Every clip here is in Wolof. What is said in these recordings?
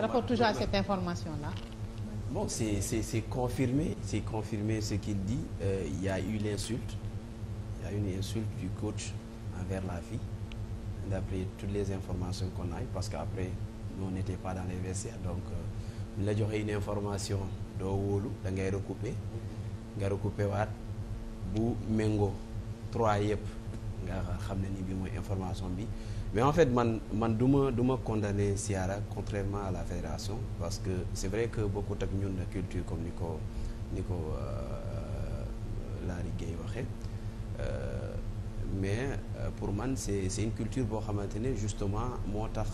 rapport toujours à cette information la Bon, c'est confirmé, c'est confirmé ce qu'il dit. Euh, il a eu l'insulte, il y a eu une insulte du coach envers la fille, d'après toutes les informations qu'on a eues, parce qu'après, nous, on n'était pas dans les vestiaires. Donc, euh, il a une information de Wolu, il a recoupé, il recoupé Wat, Bou, Mengo, trois yep. nga xam ne ni bi mooy information bi mais en fait man man du ma du ma condamner Ciara contrairement à la fédération parce que c'est vrai que bokkut ak ñun culture comme ni ko ni ko euh, Lary Guèye waxee euh, mais euh, pour man c'est c'est une culture boo xamante ne justement moo tax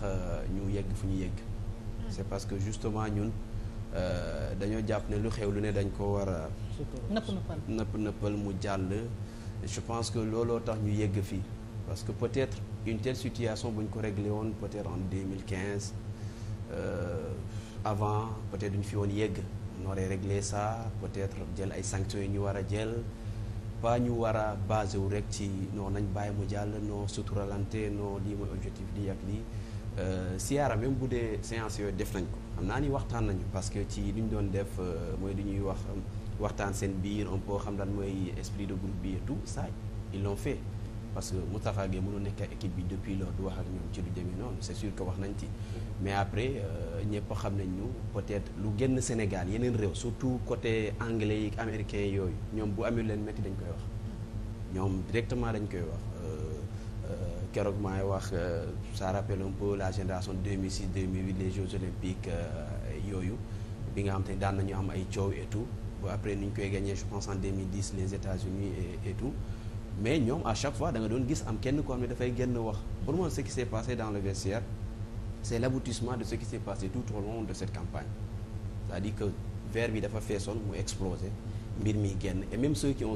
ñu yegg fu ñu yegg mm. c'est parce que justement ñun dañoo jàpp ne lu xew lu ne dañ ko war a nëpp nëppal mu jàll je pense que looloo tax ñu yegg fi parce que peut-être une situation bu ñu ko réglé woon peut-être en 2015 euh, avant peut-être fi woon yegg on aurait réglé ça peut-être jël ay sanctions yi ñu war a jël pas ñu war a basé wu rek ci non nañ bàyyi mu jàll noo suturalante non lii mooy objectif lii ak lii euh, siyaara même bu dee séance yooyu def nañ ko xam naa ni waxtaan nañu parce que ci li ñu doon def euh, mooy du ñuy wax waxtaan seen biir un peu xam lan mooy esprit de groupe bi et tout ça ils l'ont fait parce que Moustapha Gueye nekk ak bi depuis lors du wax ak ñoom ci lu demee noonu c'est sûr que wax nañ ci mais après euh, ñëpp xam nañ ñu peut-être lu génn Sénégal yeneen réew surtout côté anglais yi américains yooyu ñoom bu amee leen métti dañ koy wax ñoom directement dañ koy wax euh, euh, keroog maay wax ça rappelle un peu la génération 2006 2008 les Jeux olympiques yooyu bi nga xam te daan nañu am ay coow après ni ñu koy gagné je pense en 2010 les unis et mais ñoom à chaque fois da nga doon gis am kenn koo xam ne dafay génn wax pour moi ce qui s'est passé dans le vestiaire c'est l'aboutissement de ce qui s'est passé tout au long à dire que verre bi dafa feesoon mu explosé mbir mi génn et même ceux qui ont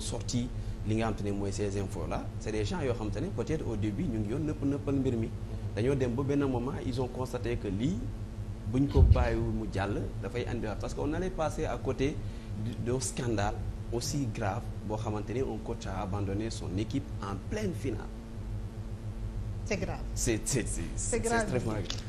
li nga xam ne mooy ces infos là c'est des gens yoo xam te ne peut-être au début ñu ngi yoon dañoo dem ba benn moment ils ont que lii buñ ko bàyyiwul mu jàll dafay andiwaat parce qu'on allait passer à côté d'un scandale aussi grave boo xamante ni un coach a abandonné son équipe en pleine finale. c'est grave c'est c'est c'est c'est extrêmement grave.